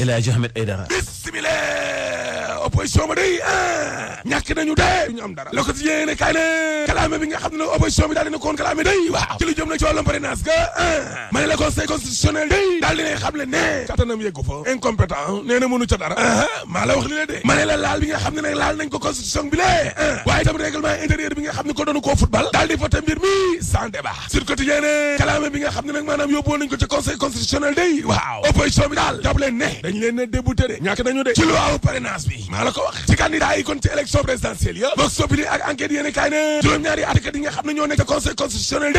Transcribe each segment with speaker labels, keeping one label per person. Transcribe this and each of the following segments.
Speaker 1: الى جهم الاداره بسم الله opposition ba day a eh, ñàkk nañu dee du dara le quotidien yéene kaay ne kalaame xam ne opposition bi daal eh. ne la dara eh, maa wax li ma ne nga xam ne nag laal ko constitution bi lee bi nga xam ne ko doonu koo football daal di voté mbir mi ne kalaame bi nga xam ne nag maanaam yóbbu nañ ko ci conseil constitutionnel day waaw opposition bi daal jàpp leen ne dañ leen ne débouté de ñàkk nañu de ci loi parrainage bi maa la ci candidat kon ci élection présidentielle ya vox populi ak enquête yéen kaay ne juróom-ñaari atkat yi nga xam ne ñoo nekk ca conseil constitutionnel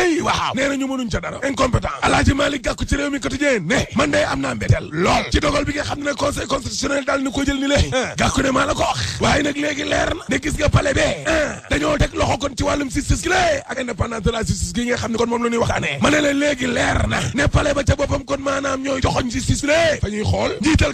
Speaker 1: daal ni ko ni lé Gakou ne maa la ko wax waaye nag léegi leer na ne kon ba ca boppam kon maanaam ñooy joxoñ justice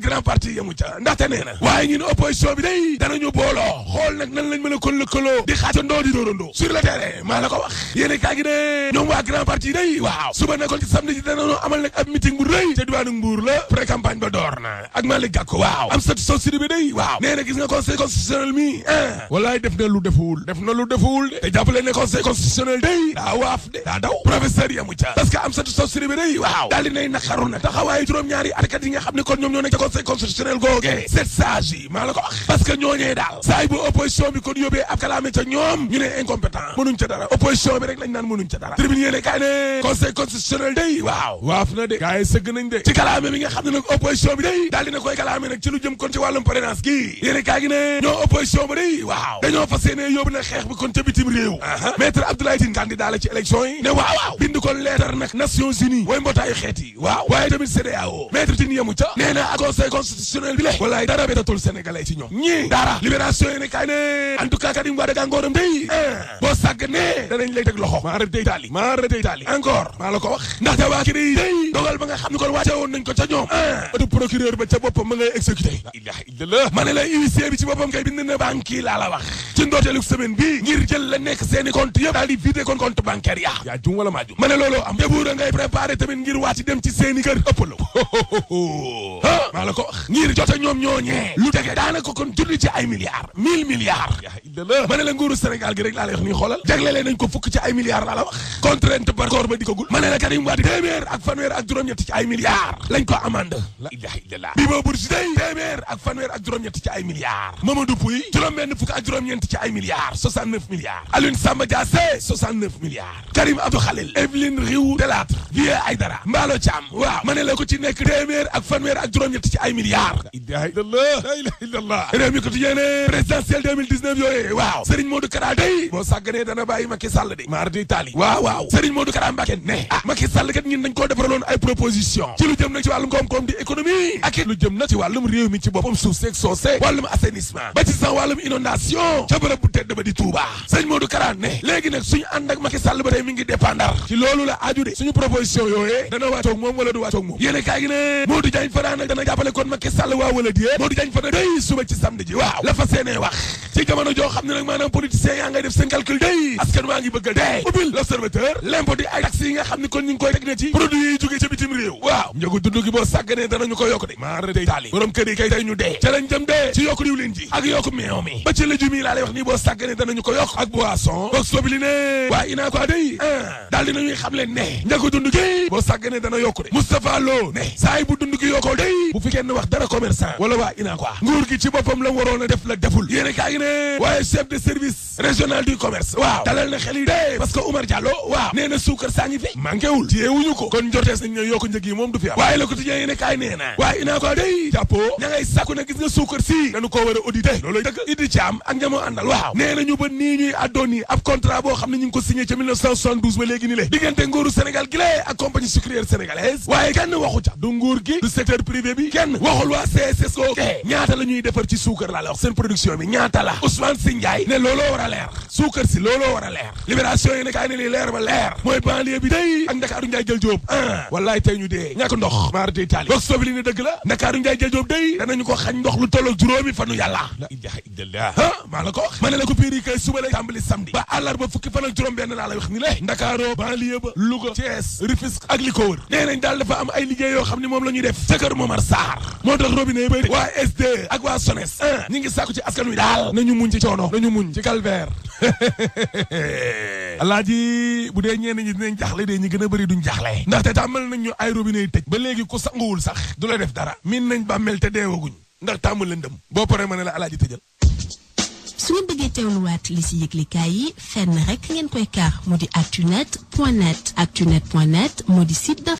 Speaker 1: grand parti yamu ca ndaxte nee waaye ñun opposition opposition bi day danañu booloo xool nag nan lañ mën a kon lëkkaloo di xaajandoo di dóorandoo sur le terrain maa la ko wax yéene kaa gi ne ñoom waa grand parti day waaw suba nekkoon ci samedi ji danañu amal nag ab meeting bu rëy ca diwaanu Mbuur la pré campagne ba door na ak Malick Gakou waaw am sat so bi day waaw nee na gis nga conseil constitutionnel mi ah def na lu defuwul def na lu defuwul de te jàppale ne conseil constitutionnel day daa waaf de daa daw professeur yamu ca parce que am sat so bi day waaw daal di nay naqaru na taxawaayu juróom-ñaari atkat yi nga xam ne kon ñoom ñoo nekk ca conseil constitutionnel googee sept sages yi maa la ko wax parce que ñooñee daal saa bu opposition bi kon yóbbee ab kalaame ca ñoom ñu ne incompétent mënuñ ca dara opposition bi rek lañ naan mënuñ ca dara tribune yéene kaay ne conseil constitutionnel day waaw waaf na de gars sëgg nañ de ci kalaame bi nga xam ne nag opposition bi day ñoo opposition bi day waaw dañoo fas yéene yóbbu na xeex bi kon ca bitim réew maître Abdoulaye Tine candidat la ci élection ne waaw bind ko leetar nag Nations Unies way mbootaayu xeet waaw waaye tamit ñii dara libération yéene kaay ne en tout cas Karim Wade gàngooram day eh. boo sàgg ne danañ lay teg loxo maa rëdd Italie maa rëdd Italie encore maa la ko wax ndaxte waa ki day day dogal ba nga xam ni kon wàcce woon nañ ko ca ñoom eh. auto procureur ba ca boppam ma ngay exécuté la ilaha ma ne la huissier bi ci boppam kay bind na banque yi laa la wax ci ndooteelu semaine bi ngir jël la nekk seeni compte yëpp daal di vidé kon compte jum wala maa jum ma ne loolu am te buur maa la ko wax ngir jote ñoom ñooñee lu tege daanaka kon junni ci ay milliards mille milliards la ma ne la nguuru Sénégal gi rek laa lay wax nii xoolal jaglelee nañ ko fukk ci ay milliards laa la wax contrainte par corps ba dikkagul ma ne la Karim Wade téeméer ak fanweer ak juróom-ñett ci ay milliards lañ ko amande la ilaha illallah bi boo bursi day téeméer ak fanweer ak juróom-ñett ci ay milliards Mamadou Pouy juróom-benn fukk ak juróom-ñeent ci ay milliards 69 milliards Alioune Samba Diassé 69 milliards Karim Abdou Khalil Evelyne Riou Delattre Vieux Aïdara Mballo Thiam waaw ma ne la ko ci nekk téeméer ak fanweer ak juróom-ñett ci ay milliards ilaha illallah la ilaha illallah réew mi ko ti yéene présidentielle 2019 yooyee waaw Serigne Modou Kara day boo sàgganee dana bàyyi Macky Sall de maar di taali waaw waaw Serigne Modou Kara Mbacké ne ah Macky Sall kat ñun dañ koo defaraloon ay proposition ci lu jëm nag ci wàllum koom-koom di économie ak lu jëm nag ci wàllum réew mi ci boppam suuf seeg soosé wàllum ba ci sax wàllum inondation ca bërëb bu tedd ba di Touba Serigne Modou Kara ne léegi nag gi ne Modou Diagne Fada nag dana jàppale kon Macky Sall waa wala die Modou Diagne Fada day suba ci samedi ji waaw la fa seenee wax ci jamono joo xam ne nag maanaam politiciens yaa ngay def seen calcul day askan waa ngi bëgg dee ubbil l'observateur l'impôt di ay taxes yi nga xam ne kon ñu koy teg na ci produit yi jógee ci bitim réew waaw njëgu dund gi boo sàgganee danañu ko yokk de maar day taali borom kër yi kay ñu ko yokk ak boisson box sobili waa inaa ko day ah, a bu fi kenn wax dara commerçant wala waa ina quoi nguur gi ci boppam la waroon a def la deful yéen kaa ngi ne waaye chef de service régional du commerce waaw dalal na xel yi dee parce que Oumar Diallo waaw nee na suukar saa ngi fi manqué wul téyewuñu ko kon njortees nañ ne yokk njëg yi moom du fi am waaye le quotidien yéen kaay nee na waaye ina quoi day jàppoo ña ngay sàkku na gis nga suukar si dañu koo war a audité loolu yi ab contrat boo xam ne ñu ngi ko signé ca 1972 ba léegi ni le diggante nguuru Sénégal gi lé ak compagnie sucrière sénégalaise waaye kenn bi bi kenn waxul waa CSSO eh. ñaata la ñuy defar ci suukar laa la wax seen production bi ñaata la Ousmane Sy Ndiaye ne looloo war a leer suukar si looloo war a leer libération yi ne kaay ne lii leer ba leer mooy banlieue bi day ak njaay jël jóob ah wallaay tey ñu ndox maar day taali box sobi li ne dëgg ndakaaru njaay jël jóob day danañu ko xañ ndox lu tolloog juróomi fanu yàlla la ilaha ah, ma ne la ko piir yi kay suba lay tàmbali samedi ba fukki fan ak juróom benn laa la wax ni la ndakaaroo banlieue ba Louga Thiès Rufisque ak ko nee nañ daal dafa am ay liggéey yoo xam ni moom la ñuy def ca kër Momar Sarr moo tax robinet yi bëri waa SD ak waa SONES ah, ci askan wi daal nañu muñ ci coono nañu muñ alaaji bu dee ñenn ñi dinañ jaxle dee ñi gën a bari duñ jaxle ndaxte tàmmal nañ ñu ay robine yi tëj ba léegi ko sanguwul sax du la def dara miin nañ bàmmeel te deewaguñ ndax tàmmul leen dem boo paree ma ne la alaaji tëjal su ngeen bëggee teewluwaat li si yëglikaay yi fenn rek ngeen koy kaar mu di actunet point net actunet point net moo di site